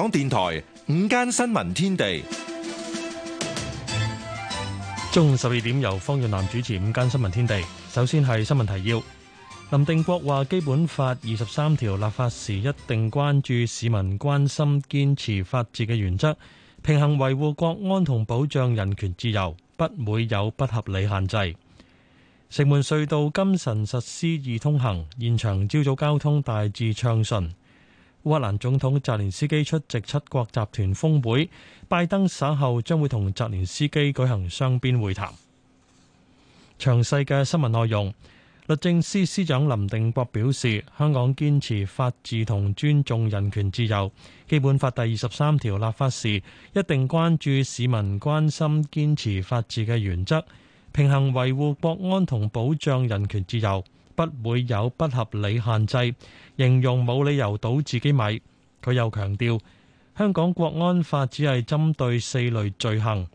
香港電台午間新聞天地，中午十二點由方潤南主持午間新聞天地。首先係新聞提要，林定國話：基本法二十三條立法時一定關注市民關心、堅持法治嘅原則，平衡維護國安同保障人權自由，不會有不合理限制。城門隧道今晨實施易通行，現場朝早交通大致暢順。烏克蘭總統澤連斯基出席七國集團峰會，拜登稍後將會同澤連斯基舉行雙邊會談。詳細嘅新聞內容，律政司司長林定國表示，香港堅持法治同尊重人權自由，基本法第二十三條立法時一定關注市民關心、堅持法治嘅原則，平衡維護國安同保障人權自由，不會有不合理限制，形容冇理由倒自己米。佢又強調，香港國安法只係針對四類罪行。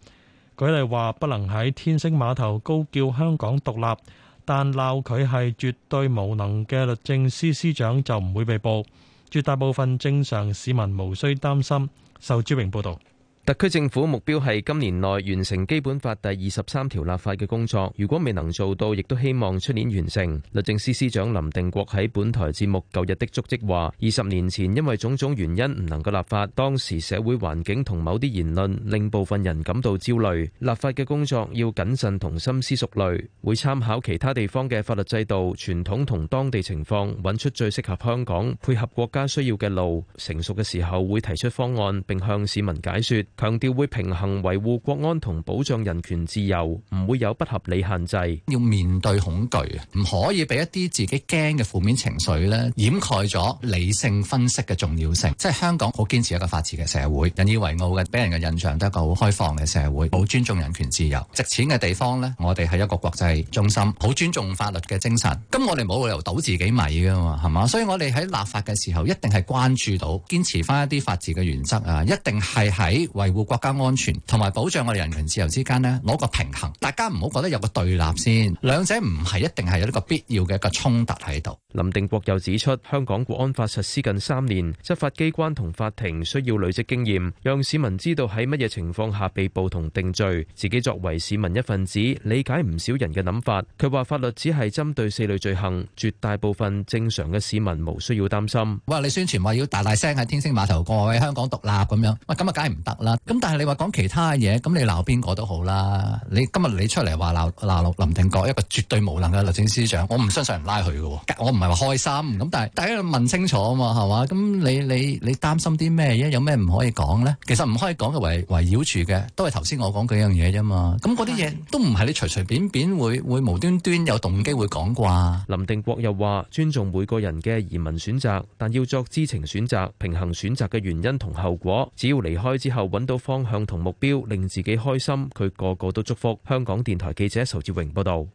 舉例話，不能喺天星碼頭高叫香港獨立，但鬧佢係絕對無能嘅律政司司長就唔會被捕。絕大部分正常市民無需擔心。受朱榮報道。特區政府目標係今年內完成《基本法》第二十三條立法嘅工作。如果未能做到，亦都希望出年完成。律政司司長林定國喺本台節目《舊日的足迹》話二十年前因為種種原因唔能夠立法，當時社會環境同某啲言論令部分人感到焦慮。立法嘅工作要謹慎同深思熟慮，會參考其他地方嘅法律制度、傳統同當地情況，揾出最適合香港配合國家需要嘅路。成熟嘅時候會提出方案並向市民解說。強調會平衡維護國安同保障人權自由，唔會有不合理限制。要面對恐懼，唔可以俾一啲自己驚嘅負面情緒呢掩蓋咗理性分析嘅重要性。即係香港好堅持一個法治嘅社會，引以為傲嘅，俾人嘅印象都係一個好開放嘅社會，好尊重人權自由。值錢嘅地方呢，我哋係一個國際中心，好尊重法律嘅精神。咁我哋冇理由倒自己米噶嘛，係嘛？所以我哋喺立法嘅時候一定係關注到，堅持返一啲法治嘅原則啊，一定係喺。維護國家安全同埋保障我哋人權自由之間呢攞個平衡，大家唔好覺得有個對立先，兩者唔係一定係有呢個必要嘅一個衝突喺度。林定國又指出，香港國安法實施近三年，執法機關同法庭需要累積經驗，讓市民知道喺乜嘢情況下被捕同定罪。自己作為市民一份子，理解唔少人嘅諗法。佢話法律只係針對四類罪行，絕大部分正常嘅市民無需要擔心。話你宣傳話要大大聲喺天星碼頭過去香港獨立咁樣，喂咁啊，梗係唔得啦。咁但係你話講其他嘢，咁你鬧邊個都好啦。你今日你出嚟話鬧鬧林定國，一個絕對無能嘅律政司長，我唔相信人拉佢噶。我唔係話開心，咁但係大家要問清楚啊嘛，係嘛？咁你你你擔心啲咩嘢？有咩唔可以講呢？其實唔可以講嘅圍圍繞住嘅，都係頭先我講幾樣嘢啫嘛。咁嗰啲嘢都唔係你隨隨便便便會會無端端有動機會講啩。林定國又話尊重每個人嘅移民選擇，但要作知情選擇、平衡選擇嘅原因同後果。只要離開之後搵到方向同目標，令自己開心，佢個個都祝福。香港電台記者仇志榮報道，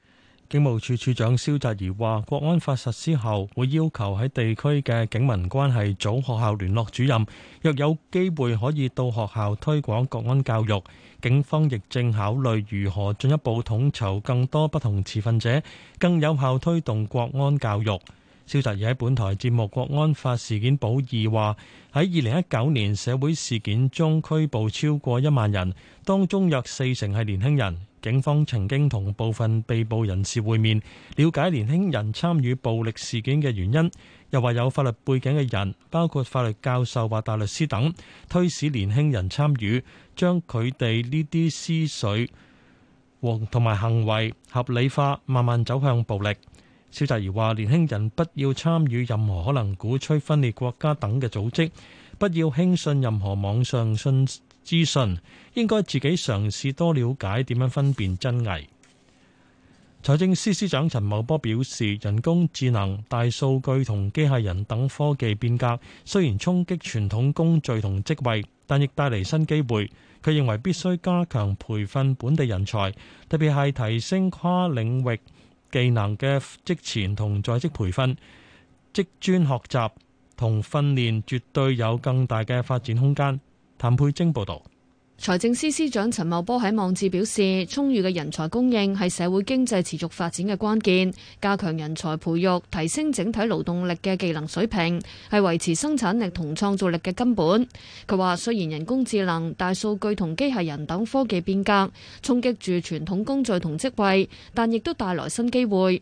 警務處處長蕭澤頤話：國安法實施後，會要求喺地區嘅警民關係組學校聯絡主任，若有機會可以到學校推廣國安教育。警方亦正考慮如何進一步統籌更多不同持份者，更有效推動國安教育。蕭澤頤喺本台節目《國安法事件簿二》話：喺二零一九年社會事件中拘捕超過一萬人，當中約四成係年輕人。警方曾經同部分被捕人士會面，了解年輕人參與暴力事件嘅原因。又話有法律背景嘅人，包括法律教授或大律師等，推使年輕人參與，將佢哋呢啲思緒同埋行為合理化，慢慢走向暴力。蕭澤頤話：年輕人不要參與任何可能鼓吹分裂國家等嘅組織，不要輕信任何網上信資訊，應該自己嘗試多了解點樣分辨真偽。財政司司長陳茂波表示，人工智能、大數據同機械人等科技變革雖然衝擊傳統工序同職位，但亦帶嚟新機會。佢認為必須加強培訓本地人才，特別係提升跨領域。技能嘅職前同在職培訓，職專學習同訓練絕對有更大嘅發展空間，譚佩晶報道。財政司司長陳茂波喺網誌表示，充裕嘅人才供應係社會經濟持續發展嘅關鍵，加強人才培育，提升整體勞動力嘅技能水平，係維持生產力同創造力嘅根本。佢話，雖然人工智能、大數據同機械人等科技變革衝擊住傳統工序同職位，但亦都帶來新機會。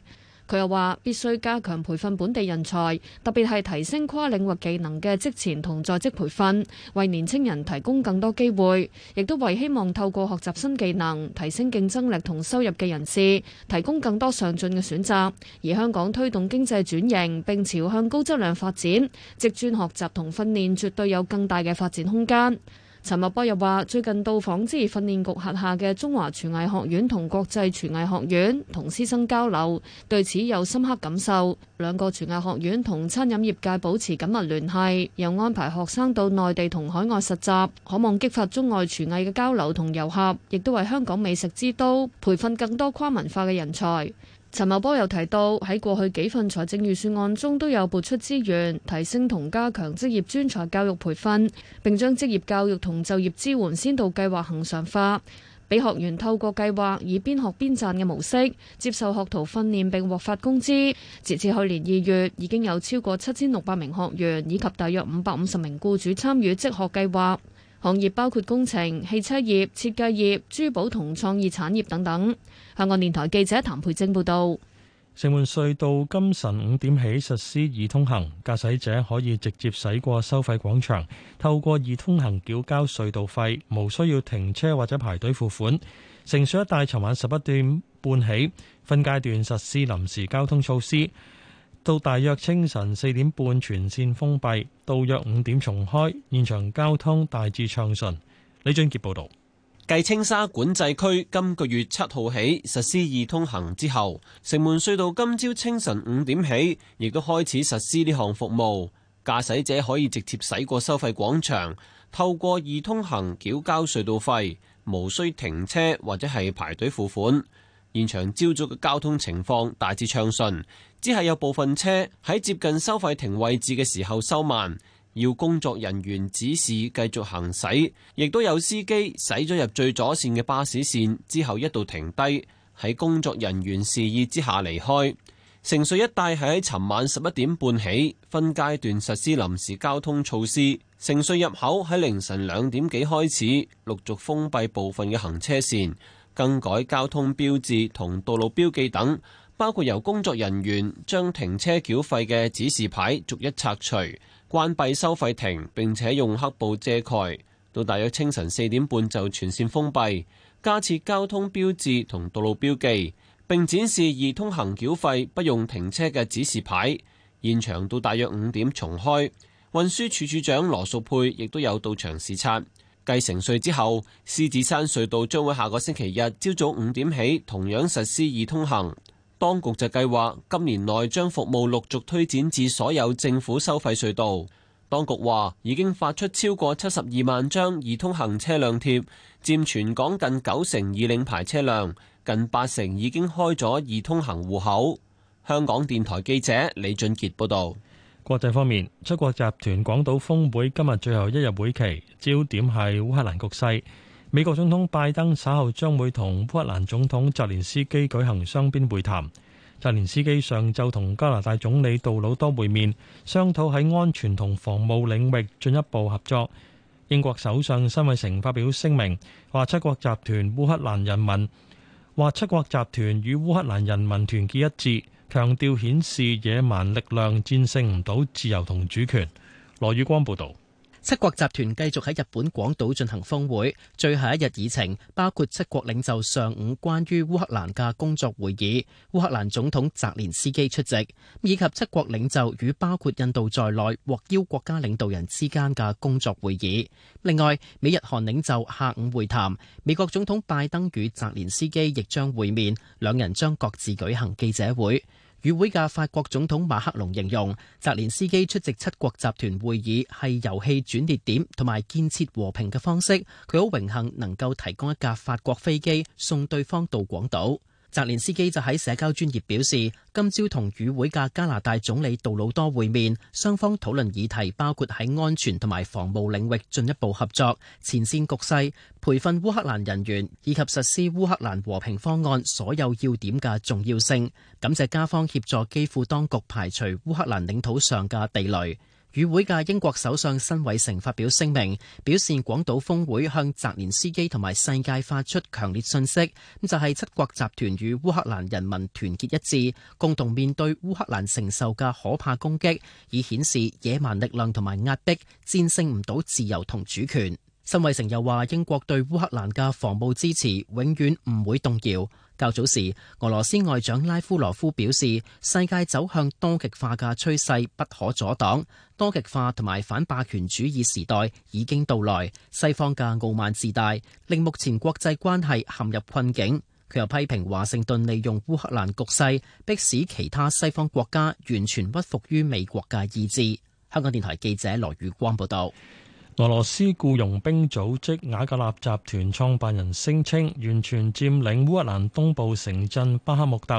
佢又話：必須加強培訓本地人才，特別係提升跨領域技能嘅職前同在職培訓，為年輕人提供更多機會，亦都為希望透過學習新技能提升競爭力同收入嘅人士提供更多上進嘅選擇。而香港推動經濟轉型並朝向高質量發展，職專學習同訓練絕對有更大嘅發展空間。陳茂波又話：最近到訪職業訓練局轄下嘅中華廚藝學院同國際廚藝學院，同師生交流，對此有深刻感受。兩個廚藝學院同餐飲業界保持緊密聯繫，又安排學生到內地同海外實習，可望激發中外廚藝嘅交流同融合，亦都為香港美食之都培訓更多跨文化嘅人才。陳茂波又提到，喺過去幾份財政預算案中都有撥出資源提升同加強職業專才教育培訓，並將職業教育同就業支援先導計劃恆常化，俾學員透過計劃以邊學邊賺嘅模式接受學徒訓練，並獲發工資。截至去年二月，已經有超過七千六百名學員以及大約五百五十名雇主參與職學計劃。行業包括工程、汽車業、設計業、珠寶同創意產業等等。香港電台記者譚培正報導，城門隧道今晨五點起實施易通行，駕駛者可以直接駛過收費廣場，透過易通行繳交隧道費，無需要停車或者排隊付款。城隧一帶尋晚十一點半起分階段實施臨時交通措施。到大約清晨四點半，全線封閉，到約五點重開，現場交通大致暢順。李俊杰報道。繼青沙管制區今個月七號起實施易通行之後，城門隧道今朝清晨五點起亦都開始實施呢項服務，駕駛者可以直接駛過收費廣場，透過易通行繳交隧道費，無需停車或者係排隊付款。現場朝早嘅交通情況大致暢順。只係有部分車喺接近收費亭位置嘅時候收慢，要工作人員指示，繼續行駛。亦都有司機駛咗入最左綫嘅巴士綫之後一度停低，喺工作人員示意之下離開。城隧一帶係喺尋晚十一點半起分階段實施臨時交通措施，城隧入口喺凌晨兩點幾開始陸續封閉部分嘅行車綫，更改交通標誌同道路標記等。包括由工作人員將停車繳費嘅指示牌逐一拆除、關閉收費亭，並且用黑布遮蓋，到大約清晨四點半就全線封閉，加設交通標誌同道路標記，並展示易通行繳費不用停車嘅指示牌。現場到大約五點重開。運輸署署長羅淑佩亦都有到場視察。繼城隧之後，獅子山隧道將會下個星期日朝早五點起同樣實施易通行。當局就計劃今年內將服務陸續推展至所有政府收費隧道。當局話已經發出超過七十二萬張易通行車輛貼，佔全港近九成已領牌車輛，近八成已經開咗易通行戶口。香港電台記者李俊杰報道。國際方面，七國集團廣島峰會今日最後一日會期，焦點係烏克蘭局勢。美國總統拜登稍後將會同烏克蘭總統澤連斯基舉行雙邊會談。澤連斯基上晝同加拿大總理杜魯多會面，商討喺安全同防務領域進一步合作。英國首相辛偉誠發表聲明，話七國集團烏克蘭人民，話七國集團與烏克蘭人民團結一致，強調顯示野蠻力量戰勝唔到自由同主權。羅宇光報道。七國集團繼續喺日本廣島進行峰會，最後一日議程包括七國領袖上午關於烏克蘭嘅工作會議，烏克蘭總統澤連斯基出席，以及七國領袖與包括印度在內獲邀國家領導人之間嘅工作會議。另外，美日韓領袖下午會談，美國總統拜登與澤連斯基亦將會面，兩人將各自舉行記者會。與會嘅法國總統馬克龍形容，澤連斯基出席七國集團會議係遊戲轉捩點，同埋建設和平嘅方式，佢好榮幸能夠提供一架法國飛機，送對方到廣島。澤連斯基就喺社交專頁表示，今朝同與會嘅加拿大總理杜魯多會面，雙方討論議題包括喺安全同埋防務領域進一步合作、前線局勢、培訓烏克蘭人員以及實施烏克蘭和平方案所有要點嘅重要性，感謝加方協助基輔當局排除烏克蘭領土上嘅地雷。與會嘅英國首相辛偉誠發表聲明，表示廣島峰會向澤連斯基同埋世界發出強烈訊息，咁就係、是、七國集團與烏克蘭人民團結一致，共同面對烏克蘭承受嘅可怕攻擊，以顯示野蠻力量同埋壓迫戰勝唔到自由同主權。辛偉誠又話，英國對烏克蘭嘅防務支持永遠唔會動搖。較早時，俄羅斯外長拉夫羅夫表示，世界走向多極化嘅趨勢不可阻擋，多極化同埋反霸權主義時代已經到來。西方嘅傲慢自大令目前國際關係陷入困境。佢又批評華盛頓利用烏克蘭局勢，迫使其他西方國家完全屈服於美國嘅意志。香港電台記者羅宇光報道。俄羅斯僱傭兵組織瓦格納集團創辦人聲稱完全佔領烏克蘭東部城鎮巴克穆特。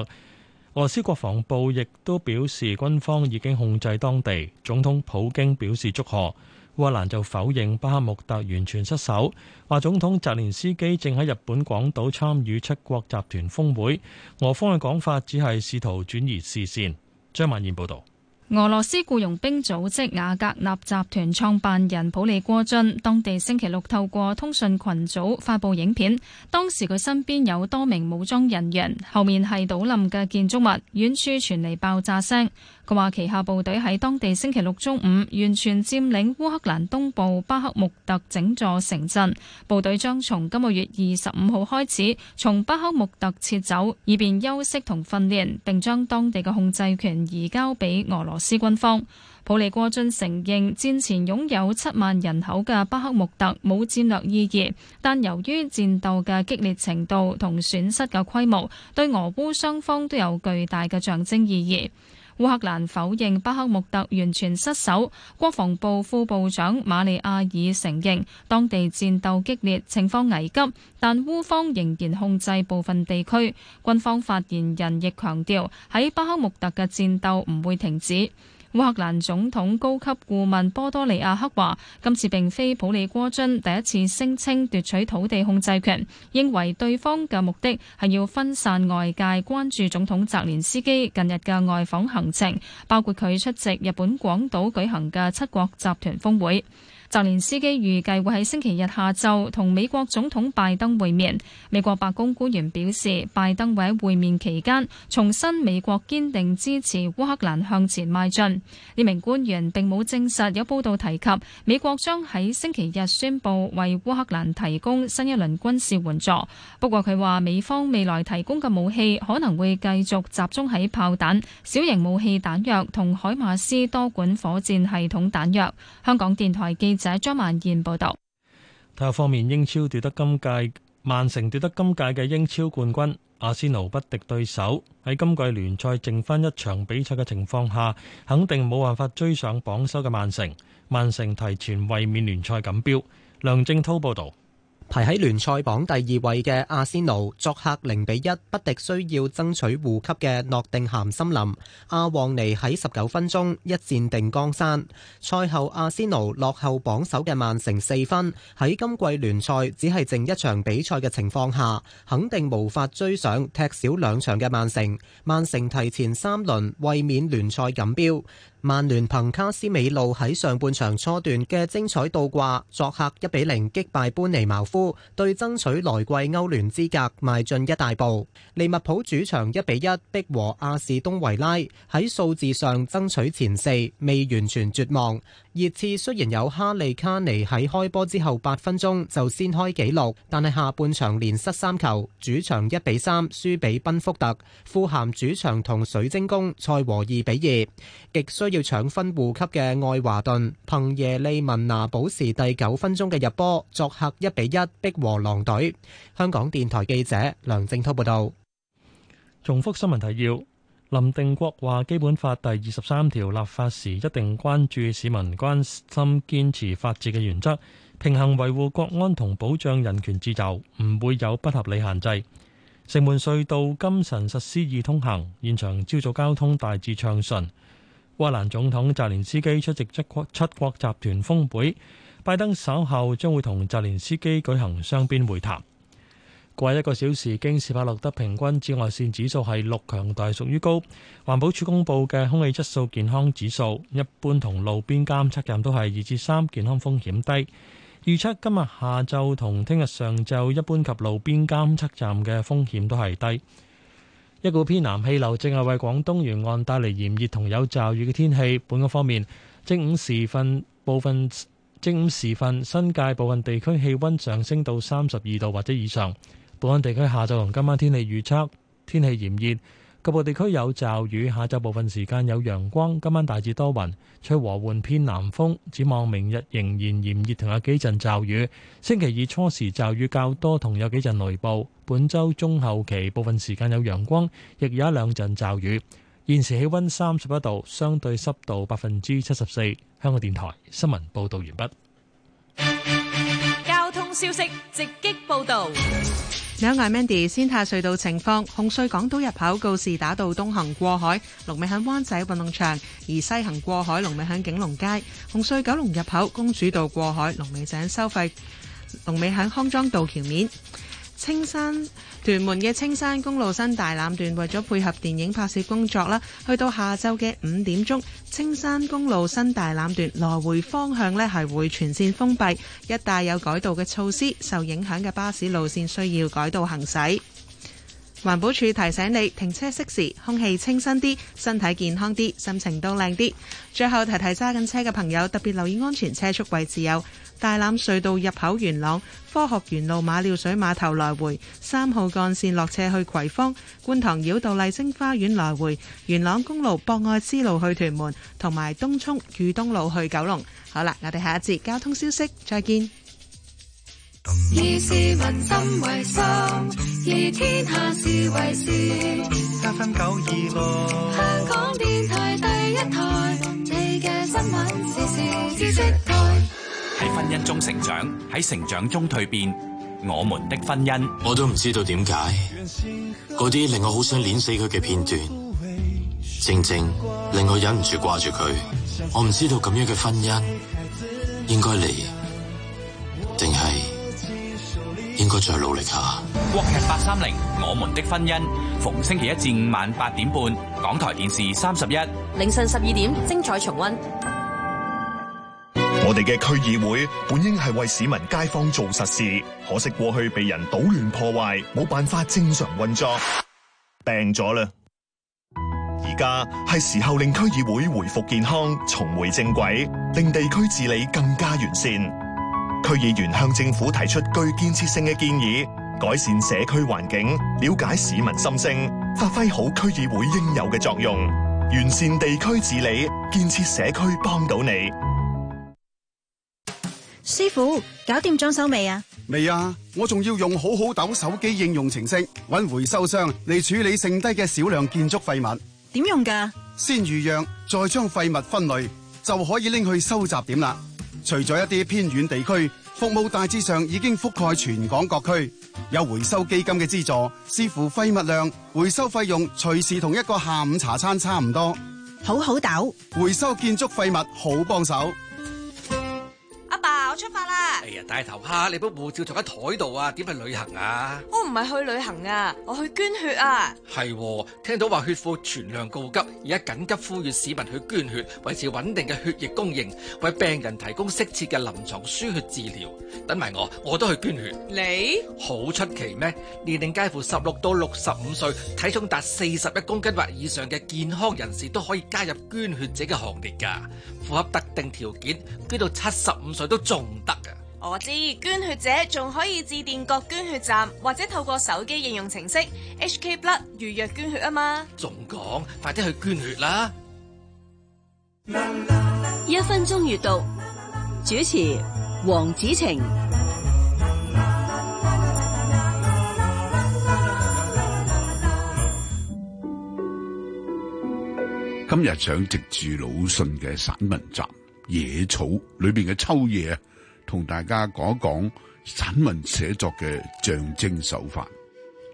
俄羅斯國防部亦都表示軍方已經控制當地。總統普京表示祝賀。烏克蘭就否認巴克穆特完全失守，話總統澤連斯基正喺日本廣島參與七國集團峰會。俄方嘅講法只係試圖轉移視線。張萬燕報道。俄羅斯僱傭兵組織瓦格納集團創辦人普利戈津，當地星期六透過通訊群組發佈影片，當時佢身邊有多名武裝人員，後面係倒冧嘅建築物，遠處傳嚟爆炸聲。佢話旗下部隊喺當地星期六中午完全佔領烏克蘭東部巴克穆特整座城鎮。部隊將從今個月二十五號開始從巴克穆特撤走，以便休息同訓練，並將當地嘅控制權移交俾俄羅斯軍方。普里戈津承認戰前擁有七萬人口嘅巴克穆特冇戰略意義，但由於戰鬥嘅激烈程度同損失嘅規模，對俄烏雙方都有巨大嘅象徵意義。烏克蘭否認巴克穆特完全失守，國防部副部長馬利亞爾承認，當地戰鬥激烈，情況危急，但烏方仍然控制部分地區，軍方發言人亦強調，喺巴克穆特嘅戰鬥唔會停止。烏克蘭總統高級顧問波多利亞克話，今次並非普利戈津第一次聲稱奪取土地控制權，認為對方嘅目的係要分散外界關注總統澤連斯基近日嘅外訪行程，包括佢出席日本廣島舉行嘅七國集團峰會。就澤連斯基預計會喺星期日下晝同美國總統拜登會面。美國白宮官員表示，拜登會喺會面期間重申美國堅定支持烏克蘭向前邁進。呢名官員並冇證實有報道提及美國將喺星期日宣布為烏克蘭提供新一輪軍事援助。不過，佢話美方未來提供嘅武器可能會繼續集中喺炮彈、小型武器彈藥同海馬斯多管火箭系統彈藥。香港電台記。記者張曼燕報道。體育方面，英超奪得今屆，曼城奪得今屆嘅英超冠軍，阿仙奴不敵對手，喺今季聯賽剩翻一場比賽嘅情況下，肯定冇辦法追上榜首嘅曼城。曼城提前衛冕聯賽錦標。梁正濤報道。排喺聯賽榜第二位嘅阿仙奴作客零比一不敵，需要爭取護級嘅諾定咸森林。阿旺尼喺十九分鐘一戰定江山。賽後阿仙奴落後榜首嘅曼城四分，喺今季聯賽只係剩一場比賽嘅情況下，肯定無法追上踢少兩場嘅曼城。曼城提前三輪衛冕聯賽錦標。曼聯憑卡斯美路喺上半場初段嘅精彩倒掛，作客一比零擊敗班尼茅夫，對爭取來季歐聯資格邁進一大步。利物浦主場一比一逼和阿士東維拉，喺數字上爭取前四，未完全絕望。熱刺雖然有哈利卡尼喺開波之後八分鐘就先開紀錄，但係下半場連失三球，主場一比三輸俾賓福特。富咸主場同水晶宮賽和二比二，極需要搶分護級嘅愛華頓憑耶利文拿保時第九分鐘嘅入波，作客一比一逼和狼隊。香港電台記者梁正滔報道：「重複新聞提要。林定國話：基本法第二十三條立法時一定關注市民關心、堅持法治嘅原則，平衡維護國安同保障人權自由，唔會有不合理限制。城門隧道今晨實施易通行，現場朝早交通大致暢順。烏克蘭總統澤連斯基出席七國七國集團峰會，拜登稍後將會同澤連斯基舉行雙邊會談。過一個小時，京士柏錄得平均紫外線指數係六，強度屬於高。環保署公布嘅空氣質素健康指數，一般同路邊監測站都係二至三，健康風險低。預測今日下晝同聽日上晝，一般及路邊監測站嘅風險都係低。一股偏南氣流正係為廣東沿岸帶嚟炎熱同有驟雨嘅天氣。本港方面，正午時分部分，正午時分，新界部分地區氣溫上升到三十二度或者以上。本港地區下晝同今晚天氣預測。天氣炎熱，局部地區有驟雨。下晝部分時間有陽光，今晚大致多雲，吹和緩偏南風。展望明日仍然炎熱同有幾陣驟雨，星期二初時驟雨較多，同有幾陣雷暴。本周中後期部分時間有陽光，亦有一兩陣驟雨。現時氣溫三十一度，相對濕度百分之七十四。香港電台新聞報道完畢。交通消息直擊報道。兩眼 Mandy 先睇隧道情況，紅隧港島入口告士打道東行過海，龍尾喺灣仔運動場；而西行過海，龍尾喺景隆街。紅隧九龍入口公主道過海，龍尾井收費，龍尾喺康莊道橋面。青山屯門嘅青山公路新大欖段為咗配合電影拍攝工作啦，去到下晝嘅五點鐘，青山公路新大欖段來回方向咧係會全線封閉，一帶有改道嘅措施，受影響嘅巴士路線需要改道行駛。環保署提醒你，停車熄匙空氣清新啲，身體健康啲，心情都靚啲。最後提提揸緊車嘅朋友，特別留意安全車速位置有。大欖隧道入口、元朗科學園路、馬料水碼頭來回、三號幹線落車去葵芳、觀塘繞道、麗晶花園來回、元朗公路博愛之路去屯門，同埋東涌裕東路去九龍。好啦，我哋下一節交通消息再見。以市民心為心，以天下事為事，七分九二六香港電台第一台，你嘅新聞時時資訊台。喺婚姻中成長，喺成長中蛻變。我們的婚姻，我都唔知道點解，嗰啲令我好想捏死佢嘅片段，正正令我忍唔住掛住佢。我唔知道咁樣嘅婚姻應該離定係應該再努力下。國劇八三零我們的婚姻，逢星期一至五晚八點半，港台電視三十一，凌晨十二點精彩重温。我哋嘅區議會本應係為市民街坊做實事，可惜過去被人搗亂破壞，冇辦法正常運作，病咗啦。而家係時候令區議會回復健康，重回正軌，令地區治理更加完善。區議員向政府提出具建設性嘅建議，改善社區環境，了解市民心聲，發揮好區議會應有嘅作用，完善地區治理，建設社區，幫到你。師傅，搞掂裝修未啊？未啊，我仲要用好好斗手機應用程式，揾回收商嚟處理剩低嘅少量建築廢物。點用㗎？先預約，再將廢物分類，就可以拎去收集點啦。除咗一啲偏遠地區，服務大致上已經覆蓋全港各區。有回收基金嘅資助，視乎廢物量回收費用，隨時同一個下午茶餐差唔多。好好斗，回收建築廢物好幫手。出發啦！哎呀，大頭蝦，你把護照仲喺台度啊？點去旅行啊？我唔係去旅行啊，我去捐血啊！係、哦、聽到話血庫存量告急，而家緊急呼籲市民去捐血，維持穩定嘅血液供應，為病人提供適切嘅臨床輸血治療。等埋我，我都去捐血。你好出奇咩？年齡介乎十六到六十五歲，體重達四十一公斤或以上嘅健康人士都可以加入捐血者嘅行列噶。符合特定條件，捐到七十五歲都仲。唔得噶，我知捐血者仲可以致電各捐血站或者透過手機應用程式 HK Blood 預約捐血啊嘛，仲講，快啲去捐血啦！一分鐘閱讀主持黃子晴，今日想藉住魯迅嘅散文集《野草》裏邊嘅秋夜啊。同大家講一講散文寫作嘅象徵手法。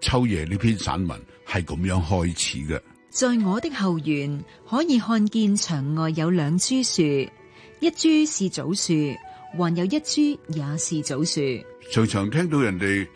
秋夜呢篇散文係咁樣開始嘅。在我的後園，可以看見牆外有兩株樹，一株是棗樹，還有一株也是棗樹。常常聽到人哋。